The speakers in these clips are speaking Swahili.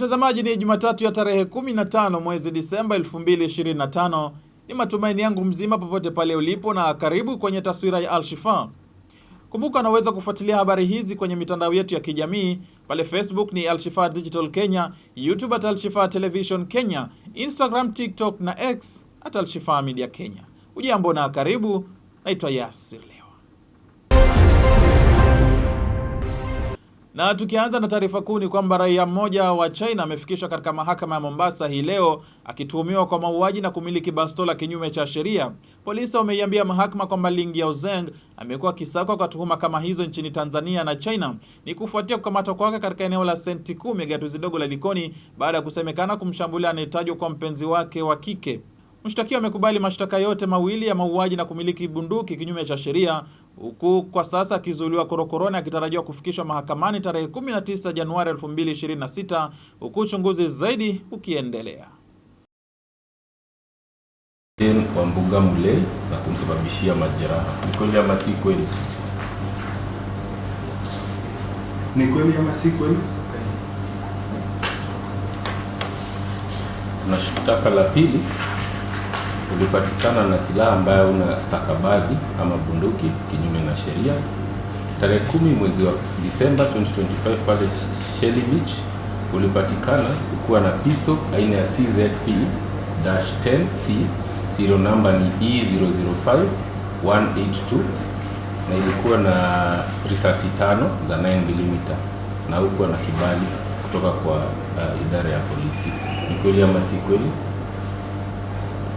mtazamaji, ni Jumatatu ya tarehe 15 mwezi Disemba 2025. Ni matumaini yangu mzima popote pale ulipo, na karibu kwenye taswira ya Alshifa. Kumbuka unaweza kufuatilia habari hizi kwenye mitandao yetu ya kijamii pale Facebook ni Alshifa Digital Kenya, YouTube at Alshifa Television Kenya, Instagram, TikTok na X at Alshifa Media Kenya. Ujambo na karibu, naitwa Yasile. Na tukianza na taarifa kuu ni kwamba raia mmoja wa China amefikishwa katika mahakama ya Mombasa hii leo akituhumiwa kwa mauaji na kumiliki bastola kinyume cha sheria. Polisi wameiambia mahakama kwamba Ling Zeng amekuwa akisakwa kwa tuhuma kama hizo nchini Tanzania na China. Ni kufuatia kukamatwa kwake katika eneo la senti kumi gatuzi dogo la Likoni baada ya kusemekana kumshambulia anayetajwa kwa mpenzi wake wa kike. Mshtakiwa amekubali mashtaka yote mawili ya mauaji na kumiliki bunduki kinyume cha sheria huku kwa sasa akizuiliwa korokoroni akitarajiwa kufikishwa mahakamani tarehe 19 Januari 2026 huku uchunguzi zaidi ukiendelea kwa Mbuga Mule na kumsababishia majeraha. Ni kweli ama si kweli? Ni kweli ama si kweli? Na shtaka la pili ulipatikana na silaha ambayo una stakabadhi ama bunduki kinyume na sheria tarehe kumi mwezi wa Disemba 2025 pale Shelly Beach ulipatikana ukiwa na pisto aina ya CZP-10C, serial namba ni E005 182 na ilikuwa na risasi tano za 9mm na hukuwa na kibali kutoka kwa uh, idara ya polisi. Ni kweli ama si kweli?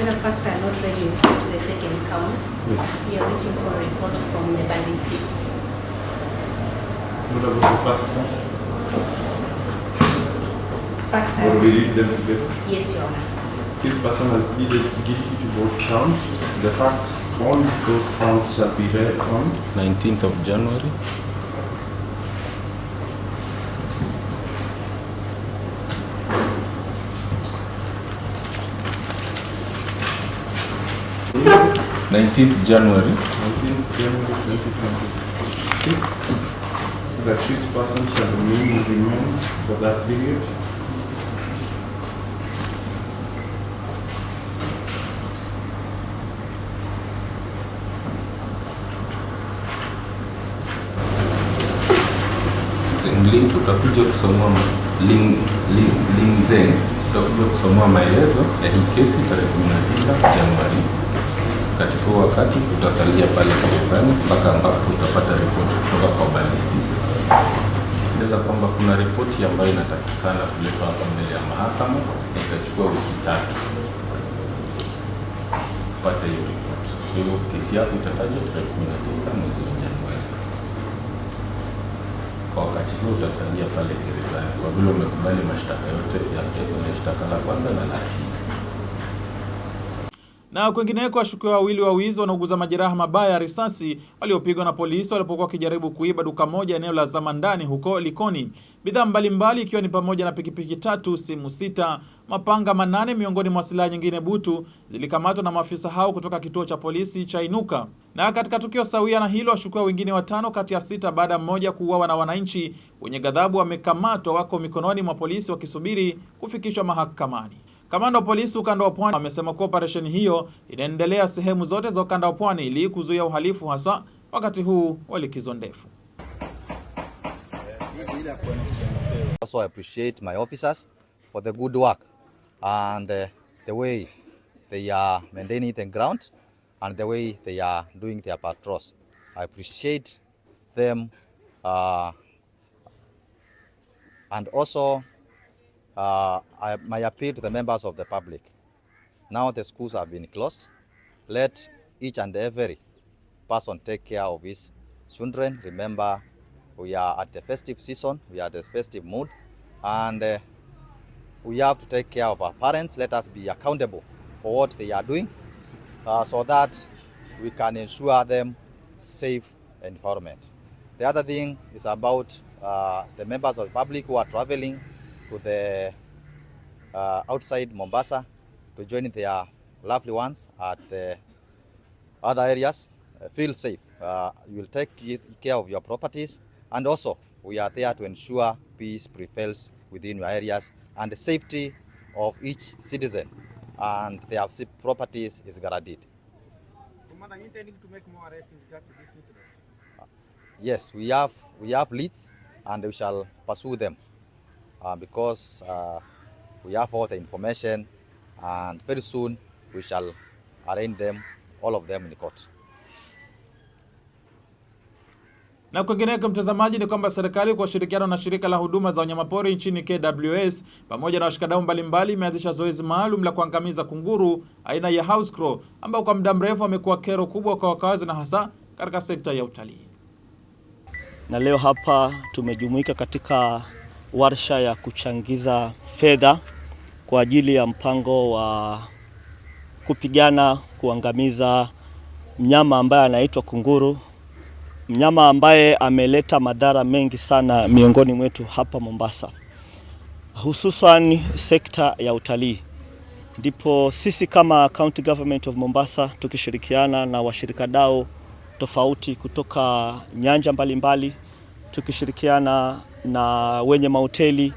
matter of facts are not ready to the second count. We are waiting for a report from the ballistic. What about the first count? Facts are. Will we read them together? Yes, Your Honor. If person has pleaded guilty to both counts, the facts on those counts shall be read on 19th of January 19th January 19th January 2026, The this person shall remain for that period. link tutakuja kusomea ling ling ling zen tutakuja kusomea maelezo ya hii kesi tarehe 19 Januari wakati huo wakati utasalia pale gerezani mpaka ambapo utapata ripoti kutoka kwa balistik eza kwamba kuna ripoti ambayo inatakikana kuletwa hapa mbele ya mahakama na itachukua wiki tatu kupata hiyo ripoti. Kwa hivyo kesi yako itatajwa tarehe kumi na tisa mwezi wa Januari. Kwa wakati huo utasalia pale gerezani kwa vile umekubali mashtaka yote ya shtaka la kwanza na la pili. Na kwingineko, washukiwa wawili wa wizi wanauguza majeraha mabaya ya risasi waliopigwa na polisi walipokuwa wakijaribu kuiba duka moja eneo la Zamandani huko Likoni. Bidhaa mbalimbali ikiwa ni pamoja na pikipiki tatu, simu sita, mapanga manane miongoni mwa silaha nyingine butu zilikamatwa na maafisa hao kutoka kituo cha polisi cha Inuka. Na katika tukio sawia na hilo, washukiwa wengine watano kati ya sita baada ya mmoja kuuawa na wananchi wenye ghadhabu wamekamatwa, wako mikononi mwa polisi wakisubiri kufikishwa mahakamani. Kamanda wa polisi ukanda wa Pwani amesema kuwa operesheni hiyo inaendelea sehemu zote za ukanda wa Pwani ili kuzuia uhalifu hasa wakati huu wa likizo ndefu. Also I appreciate my officers for the good work and uh, the way they are maintaining the ground and the way they are doing their patrols. I appreciate them uh, and also uh, I, my appeal to the members of the public. Now the schools have been closed. Let each and every person take care of his children. Remember, we are at the festive season, we are at the festive mood, and uh, we have to take care of our parents. Let us be accountable for what they are doing uh, so that we can ensure them safe environment. The other thing is about uh, the members of the public who are traveling to the uh, outside Mombasa to join their lovely ones at the other areas. Uh, feel safe. Uh, you will take care of your properties, and also we are there to ensure peace prevails within your areas and the safety of each citizen and their properties is guaranteed. Commander, you intending to make more arrests in regard to this incident? Uh, yes, we have we have leads, and we shall pursue them. uh, because uh, we have all the information and very soon we shall arraign them, all of them in court. Na kwingineko, mtazamaji, ni kwamba serikali kwa ushirikiano na shirika la huduma za wanyamapori nchini KWS pamoja na washikadau mbalimbali imeanzisha zoezi maalum la kuangamiza kunguru aina ya house crow ambao kwa muda mrefu amekuwa kero kubwa kwa wakazi na hasa katika sekta ya utalii. Na leo hapa tumejumuika katika warsha ya kuchangiza fedha kwa ajili ya mpango wa kupigana kuangamiza mnyama ambaye anaitwa kunguru, mnyama ambaye ameleta madhara mengi sana miongoni mwetu hapa Mombasa, hususan sekta ya utalii. Ndipo sisi kama County Government of Mombasa tukishirikiana na washirika tofauti kutoka nyanja mbalimbali mbali, tukishirikiana na wenye mahoteli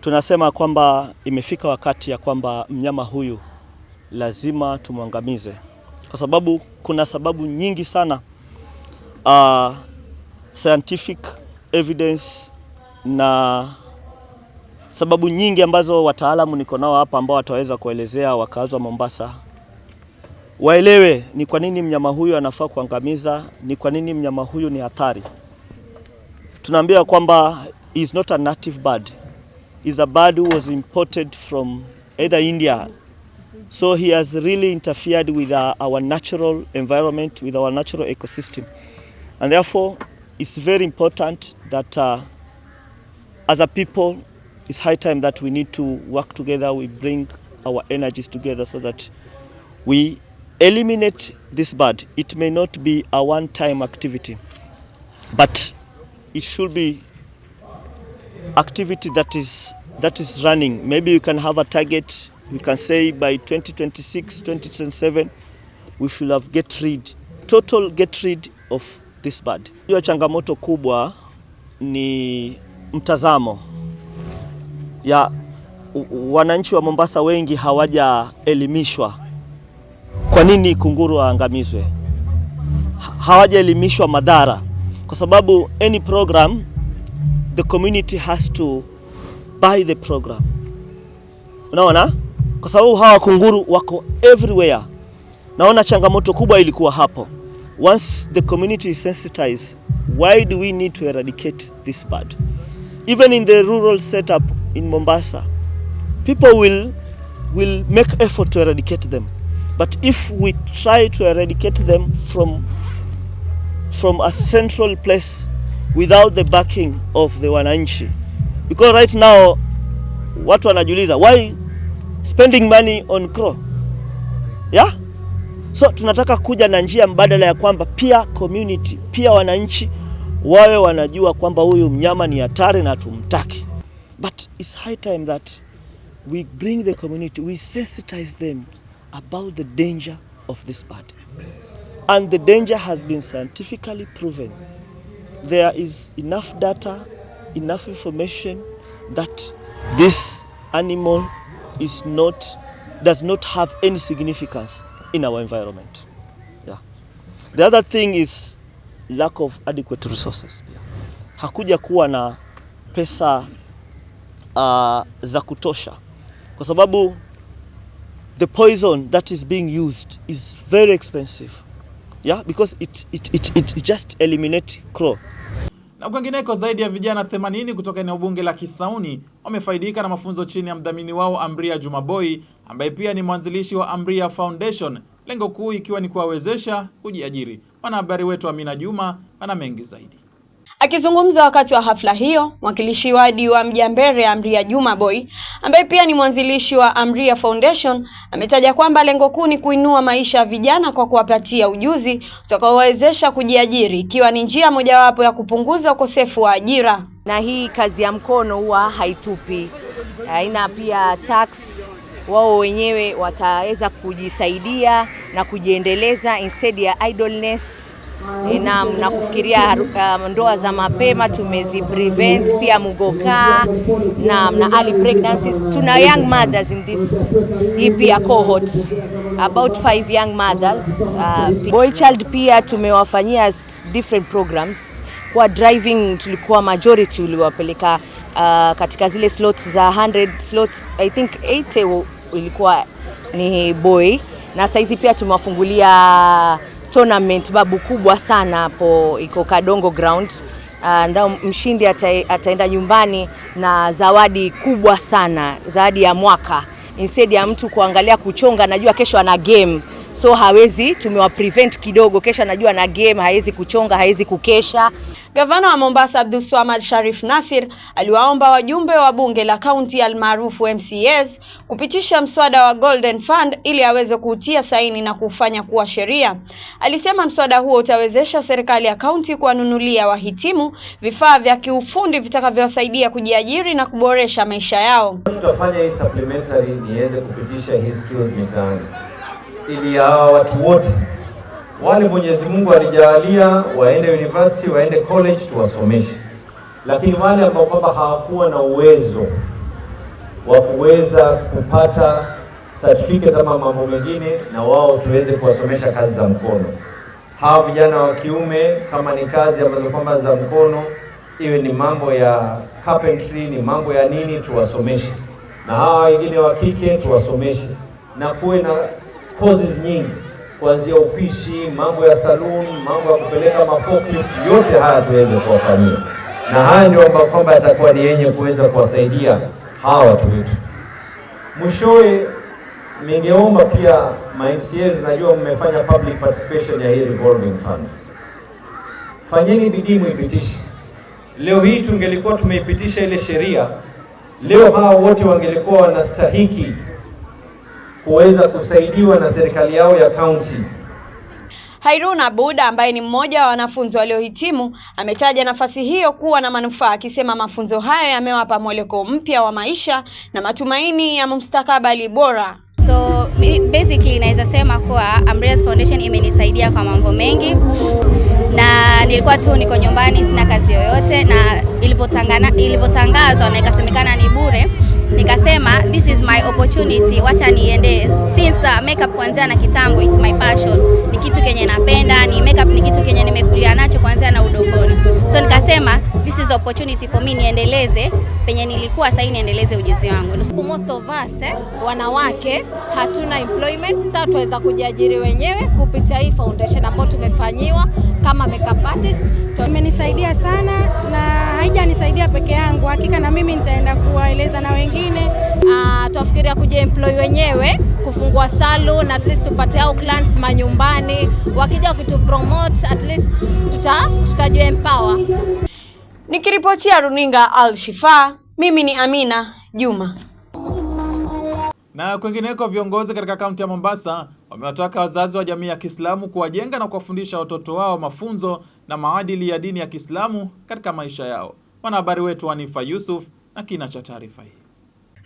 tunasema kwamba imefika wakati ya kwamba mnyama huyu lazima tumwangamize, kwa sababu kuna sababu nyingi sana uh, scientific evidence na sababu nyingi ambazo wataalamu niko nao hapa ambao wataweza kuelezea wakazi wa Mombasa waelewe ni kwa nini mnyama huyu anafaa kuangamiza, ni kwa nini mnyama huyu ni hatari tunaambiwa kwamba is not a native bird is a bird who was imported from either India so he has really interfered with our, our natural environment with our natural ecosystem and therefore it's very important that uh, as a people it's high time that we need to work together we bring our energies together so that we eliminate this bird it may not be a one time activity but it should be activity that is that is running. Maybe you can have a target. You can say by 2026, 2027, we should have get rid total get rid of this bird. Hiyo changamoto kubwa ni mtazamo ya wananchi wa Mombasa, wengi hawajaelimishwa kwa nini kunguru aangamizwe hawajaelimishwa madhara kwa sababu any program the community has to buy the program. Unaona, kwa sababu hawa kunguru wako everywhere. Naona changamoto kubwa ilikuwa hapo. Once the community is sensitized, why do we need to eradicate this bird? Even in the rural setup in Mombasa, people will will make effort to eradicate them. But if we try to eradicate them from from a central place without the backing of the wananchi because right now watu wanajiuliza why spending money on crow yeah? So tunataka kuja na njia mbadala ya kwamba pia community pia wananchi wawe wanajua kwamba huyu mnyama ni hatari na tumtaki, but it's high time that we bring the community, we sensitize them about the danger of this bird and the danger has been scientifically proven. There is enough data, enough information that this animal is not, does not have any significance in our environment. Yeah. The other thing is lack of adequate resources. Hakuja kuwa na pesa uh, za kutosha kwa sababu the poison that is being used is very expensive yeah, because it, it, it, it just eliminate crow. Na kwingineko zaidi ya vijana 80 kutoka eneo bunge la Kisauni wamefaidika na mafunzo chini ya mdhamini wao Amria Jumaboi ambaye pia ni mwanzilishi wa Amria Foundation, lengo kuu ikiwa ni kuwawezesha kujiajiri. Mwanahabari wetu Amina Juma ana mengi zaidi. Akizungumza wakati wa hafla hiyo, mwakilishi wa Diwani Mjambere Amria Juma Boy, ambaye pia ni mwanzilishi wa Amria Foundation, ametaja kwamba lengo kuu ni kuinua maisha ya vijana kwa kuwapatia ujuzi utakaowawezesha kujiajiri, ikiwa ni njia mojawapo ya kupunguza ukosefu wa ajira. Na hii kazi ya mkono huwa haitupi, haina pia tax wao wenyewe wataweza kujisaidia na kujiendeleza instead ya idleness. Eh, na, na kufikiria um, ndoa za mapema tumezi prevent pia mugoka na, na early pregnancies. Tuna young mothers in this hii pia cohort about five young mothers uh, boy child pia tumewafanyia different programs kwa driving, tulikuwa majority uliwapeleka uh, katika zile slots za 100 slots, I think 80 eh, ilikuwa ni boy, na saizi pia tumewafungulia tournament babu kubwa sana hapo iko Kadongo Ground. Uh, ah, ndio mshindi ataenda nyumbani na zawadi kubwa sana, zawadi ya mwaka. Instead ya mtu kuangalia kuchonga, najua kesho ana game so hawezi, tumewa prevent kidogo. Kesho anajua na game, hawezi kuchonga, hawezi kukesha Gavana wa Mombasa Swamad Sharif nasir aliwaomba wajumbe wa bunge la kaunti almaarufu MCAs kupitisha mswada wa Golden Fund ili aweze kuutia saini na kuufanya kuwa sheria. Alisema mswada huo utawezesha serikali ya kaunti kuwanunulia wahitimu vifaa vya kiufundi vitakavyowasaidia kujiajiri na kuboresha maisha yao. Tutafanya hii supplementary niweze kupitisha hii skills mitaani ili hawa watu wote wale Mwenyezi Mungu alijalia waende university, waende college, tuwasomeshe. Lakini wale ambao kwamba hawakuwa na uwezo wa kuweza kupata certificate ama mambo mengine, na wao tuweze kuwasomesha kazi za mkono. Hawa vijana wa kiume, kama ni kazi ambazo kwamba za mkono, iwe ni mambo ya carpentry, ni mambo ya nini, tuwasomeshe, na hawa wengine wa kike tuwasomeshe, na kuwe na courses nyingi kuanzia upishi, mambo ya saloon, mambo ya kupeleka maforklift, yote haya tuweze kuwafanyia, na haya ndio ambayo kwamba yatakuwa ni yenye kuweza kuwasaidia hawa watu wetu. Mwishowe ningeomba pia ma NCAs, najua mmefanya public participation ya hii revolving fund, fanyeni bidii muipitishe. Leo hii tungelikuwa tumeipitisha ile sheria leo, hawa wote wangelikuwa wanastahiki kuweza kusaidiwa na serikali yao ya kaunti. Hairuna Buda ambaye ni mmoja wa wanafunzi waliohitimu ametaja nafasi hiyo kuwa na manufaa, akisema mafunzo hayo yamewapa mwelekeo mpya wa maisha na matumaini ya mustakabali bora. So basically naweza sema kuwa Amreas Foundation imenisaidia kwa mambo mengi, na nilikuwa tu niko nyumbani, sina kazi yoyote, na ilivyotangazwa na ikasemekana ni bure, nikasema this is my opportunity, wacha niende since uh, makeup kuanzia na kitambo, it's my passion, ni kitu kenye napenda, ni makeup ni kitu kenye nimekulia nacho kuanzia na udogoni, so nikasema this is opportunity for me niendeleze penye nilikuwa sasa niendeleze ujuzi wangu. Most of us eh, wanawake hatuna employment, sasa tuweza kujiajiri wenyewe kupitia hii foundation ambayo tumefanyiwa kama makeup artist. Imenisaidia sana na haijanisaidia peke yangu, hakika na mimi nitaenda kuwaeleza na wengine. Uh, ah, tunafikiria employ wenyewe kufungua salon, at least tupate au clients manyumbani, wakija promote, at least tuta tutajua empower Nikiripotia runinga Al Shifa, mimi ni Amina Juma. Na kwingineko, viongozi katika kaunti ya Mombasa wamewataka wazazi wa jamii ya Kiislamu kuwajenga na kuwafundisha watoto wao mafunzo na maadili ya dini ya Kiislamu katika maisha yao. Mwanahabari wetu Anifa Yusuf na kina cha taarifa hii.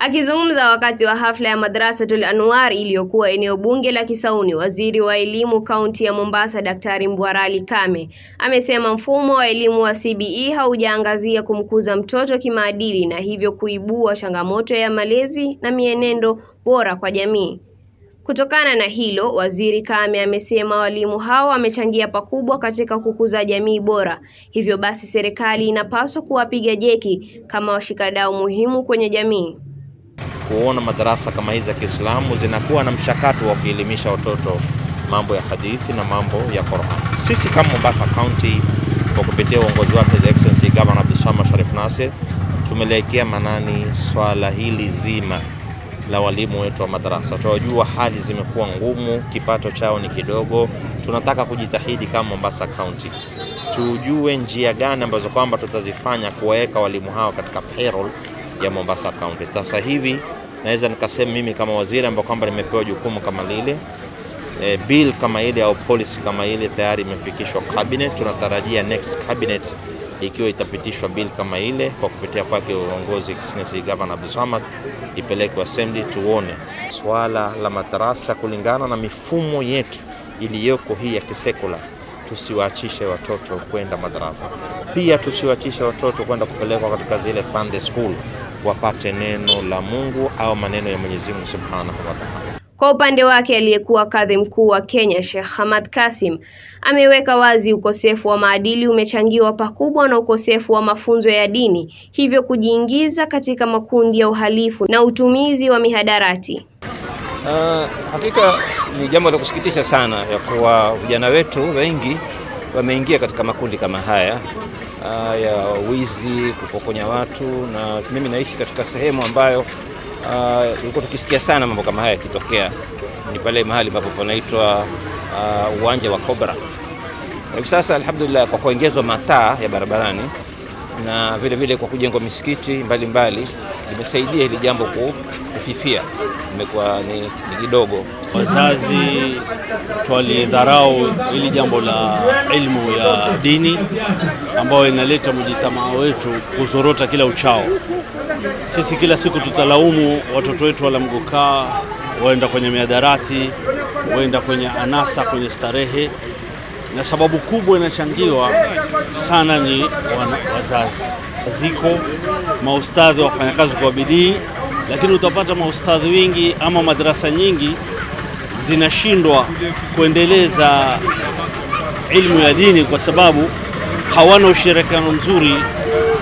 Akizungumza wakati wa hafla ya Madrasatul Anwar iliyokuwa eneo bunge la Kisauni, waziri wa elimu kaunti ya Mombasa Daktari Mbwarali Kame amesema mfumo wa elimu wa CBE haujaangazia kumkuza mtoto kimaadili na hivyo kuibua changamoto ya malezi na mienendo bora kwa jamii. Kutokana na hilo, waziri Kame amesema walimu hao wamechangia pakubwa katika kukuza jamii bora. Hivyo basi, serikali inapaswa kuwapiga jeki kama washikadau muhimu kwenye jamii kuona madarasa kama hizi za Kiislamu zinakuwa na mchakato wa kuelimisha watoto mambo ya hadithi na mambo ya Qur'an. Sisi kama Mombasa County kwa kupitia uongozi wake His Excellency Governor Abdulswamad Sharif Nassir tumelekea manani swala hili zima la walimu wetu wa madarasa. Tunajua hali zimekuwa ngumu, kipato chao ni kidogo. Tunataka kujitahidi kama Mombasa County tujue njia gani ambazo kwamba tutazifanya kuwaweka walimu hawa katika payroll ya Mombasa County. Sasa hivi naweza nikasema mimi kama waziri ambao kwamba nimepewa jukumu kama lile e, bill kama ile au policy kama ile tayari imefikishwa cabinet. Tunatarajia next cabinet ikiwa itapitishwa bill kama ile kwa kupitia kwake uongozi Excellency Gavana Abdusamad ipelekwe assembly, tuone swala la madarasa kulingana na mifumo yetu iliyoko hii ya kisekula. Tusiwaachishe watoto kwenda madarasa, pia tusiwaachishe watoto kwenda kupelekwa katika zile Sunday school wapate neno la Mungu au maneno ya Mwenyezi Mungu Subhanahu wa Ta'ala. Kwa upande wake aliyekuwa kadhi mkuu wa Kenya Sheikh Hamad Kasim ameweka wazi ukosefu wa maadili umechangiwa pakubwa na ukosefu wa mafunzo ya dini, hivyo kujiingiza katika makundi ya uhalifu na utumizi wa mihadarati. Uh, hakika ni jambo la kusikitisha sana ya kuwa vijana wetu wengi wameingia katika makundi kama haya Ah, ya wizi, kupokonya watu, na mimi naishi katika sehemu ambayo ah, tulikuwa tukisikia sana mambo kama haya yakitokea, ni pale mahali ambapo panaitwa ah, uwanja wa Kobra. Hivi sasa alhamdulillah, kwa kuongezwa mataa ya barabarani na vile vile kwa kujengwa misikiti mbalimbali limesaidia hili jambo kufifia, imekuwa ni, ni kidogo. Wazazi twalidharau hili jambo la elimu ya dini ambayo inaleta mjitamaa wetu kuzorota kila uchao. Sisi kila siku tutalaumu watoto wetu wala mgokaa, waenda kwenye miadarati, waenda kwenye anasa, kwenye starehe na sababu kubwa inachangiwa sana ni wazazi. Ziko maustadhi wafanyakazi kwa bidii, lakini utapata maustadhi wengi ama madarasa nyingi zinashindwa kuendeleza elimu ya dini kwa sababu hawana ushirikiano mzuri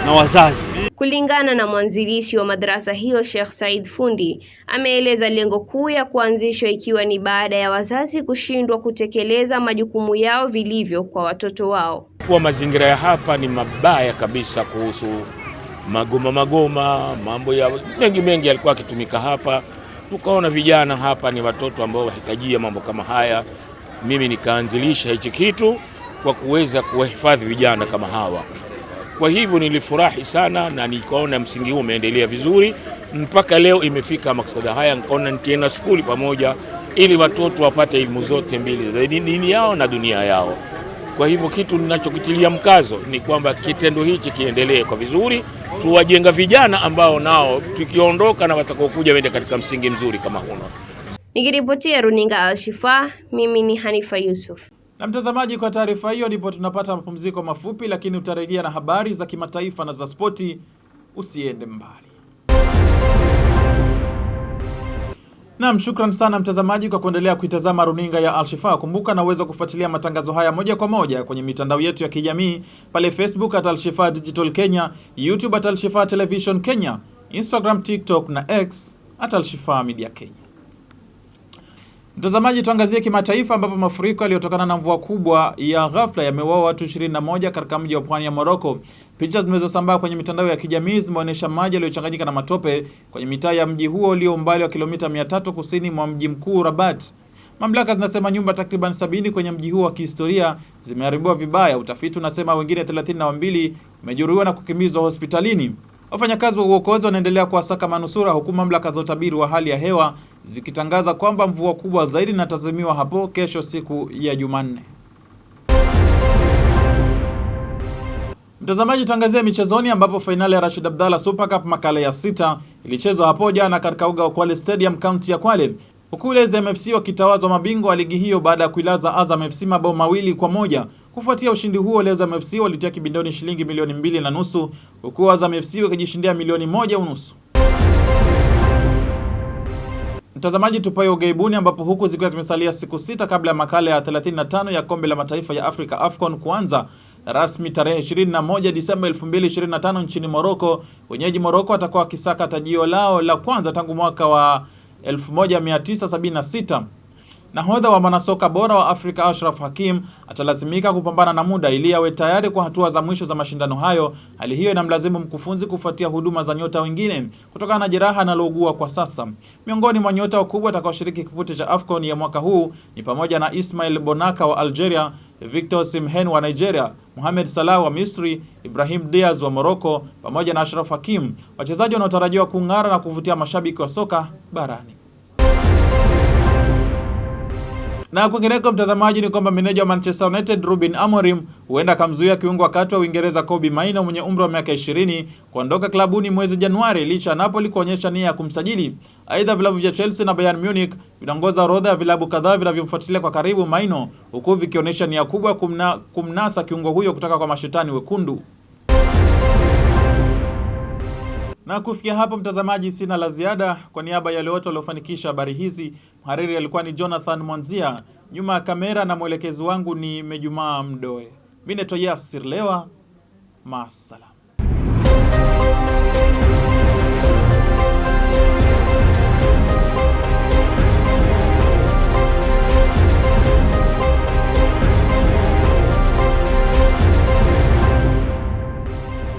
na wazazi. Kulingana na mwanzilishi wa madrasa hiyo, Sheikh Said Fundi ameeleza lengo kuu ya kuanzishwa ikiwa ni baada ya wazazi kushindwa kutekeleza majukumu yao vilivyo kwa watoto wao. Kwa mazingira ya hapa ni mabaya kabisa kuhusu magoma magoma, mambo ya mengi mengi yalikuwa akitumika hapa, tukaona vijana hapa ni watoto ambao wahitajia mambo kama haya. Mimi nikaanzilisha hichi kitu kwa kuweza kuwahifadhi vijana kama hawa. Kwa hivyo nilifurahi sana na nikaona msingi huu umeendelea vizuri mpaka leo imefika maksada haya, nikaona nitaenda skuli pamoja ili watoto wapate elimu zote mbili za dini yao na dunia yao. Kwa hivyo kitu ninachokitilia mkazo ni kwamba kitendo hichi kiendelee kwa vizuri, tuwajenga vijana ambao nao tukiondoka na watakaokuja wende katika msingi mzuri kama huno. Nikiripotia runinga Alshifa, mimi ni Hanifa Yusuf. Na mtazamaji, kwa taarifa hiyo ndipo tunapata mapumziko mafupi, lakini utarejea na habari za kimataifa na za spoti. Usiende mbali. Naam, shukran sana mtazamaji kwa kuendelea kuitazama runinga ya Alshifa. Kumbuka naweza kufuatilia matangazo haya moja kwa moja kwenye mitandao yetu ya kijamii pale Facebook at Alshifa Digital Kenya, YouTube at Alshifa Television Kenya, Instagram, TikTok na X at Alshifa Media Kenya. Mtazamaji, tuangazie kimataifa ambapo mafuriko yaliyotokana na mvua kubwa ya ghafla yameua watu 21 katika mji wa pwani ya Moroko. Picha zinazosambaa kwenye mitandao ya kijamii zimeonyesha maji yaliyochanganyika na matope kwenye mitaa ya mji huo ulio umbali wa kilomita 300 kusini mwa mji mkuu Rabat. Mamlaka zinasema nyumba takriban sabini kwenye mji huo wa kihistoria zimeharibiwa vibaya. Utafiti unasema wengine 32 wamejeruhiwa na kukimbizwa hospitalini. Wafanyakazi wa uokozi wanaendelea kuwasaka manusura huku mamlaka za utabiri wa hali ya hewa zikitangaza kwamba mvua kubwa zaidi inatazamiwa hapo kesho siku ya Jumanne. Mtazamaji, tangazia michezoni, ambapo fainali ya Rashid Abdalla Super Cup makala ya sita ilichezwa hapo jana katika uga wa Kwale Stadium kaunti ya Kwale, huku Ulezi MFC wakitawazwa mabingwa wa ligi hiyo baada ya kuilaza Azam FC mabao mawili kwa moja. Kufuatia ushindi huo, Ulezi MFC walitia kibindoni shilingi milioni mbili na nusu huku Azam FC wakijishindia milioni moja unusu. Mtazamaji, tupayo ugaibuni ambapo huku zikiwa zimesalia siku sita kabla ya makala ya 35 ya kombe la mataifa ya Afrika AFCON kuanza rasmi tarehe 21 Disemba 2025 nchini Morocco. Wenyeji Morocco watakuwa wakisaka tajio lao la kwanza tangu mwaka wa 1976 nahodha wa mwanasoka bora wa Afrika Ashraf Hakim atalazimika kupambana na muda ili awe tayari kwa hatua za mwisho za mashindano hayo. Hali hiyo inamlazimu mkufunzi kufuatia huduma za nyota wengine kutokana na jeraha analougua kwa sasa. Miongoni mwa nyota wakubwa atakaoshiriki kipute cha AFCON ya mwaka huu ni pamoja na Ismail Bonaka wa Algeria, Victor Simhen wa Nigeria, Mohamed Salah wa Misri, Ibrahim Diaz wa Morocco pamoja na Ashraf Hakim, wachezaji wanaotarajiwa kung'ara na kuvutia mashabiki wa soka barani. Na kwingineko mtazamaji, ni kwamba meneja wa Manchester United Ruben Amorim huenda akamzuia kiungo wa kati wa Uingereza Kobbie Mainoo mwenye umri wa miaka 20 kuondoka klabuni mwezi Januari licha ya Napoli kuonyesha nia ya kumsajili. Aidha, vilabu vya Chelsea na Bayern Munich vinaongoza orodha ya vilabu kadhaa vinavyomfuatilia kwa karibu Mainoo, huku vikionyesha nia kubwa kumna, kumnasa kiungo huyo kutoka kwa mashetani wekundu. Na kufikia hapo, mtazamaji, sina la ziada. Kwa niaba ya wote waliofanikisha habari hizi, mhariri alikuwa ni Jonathan Mwanzia, nyuma ya kamera na mwelekezi wangu ni Mejumaa Mdoe. Mimi ni Toyasir Lewa, masalam.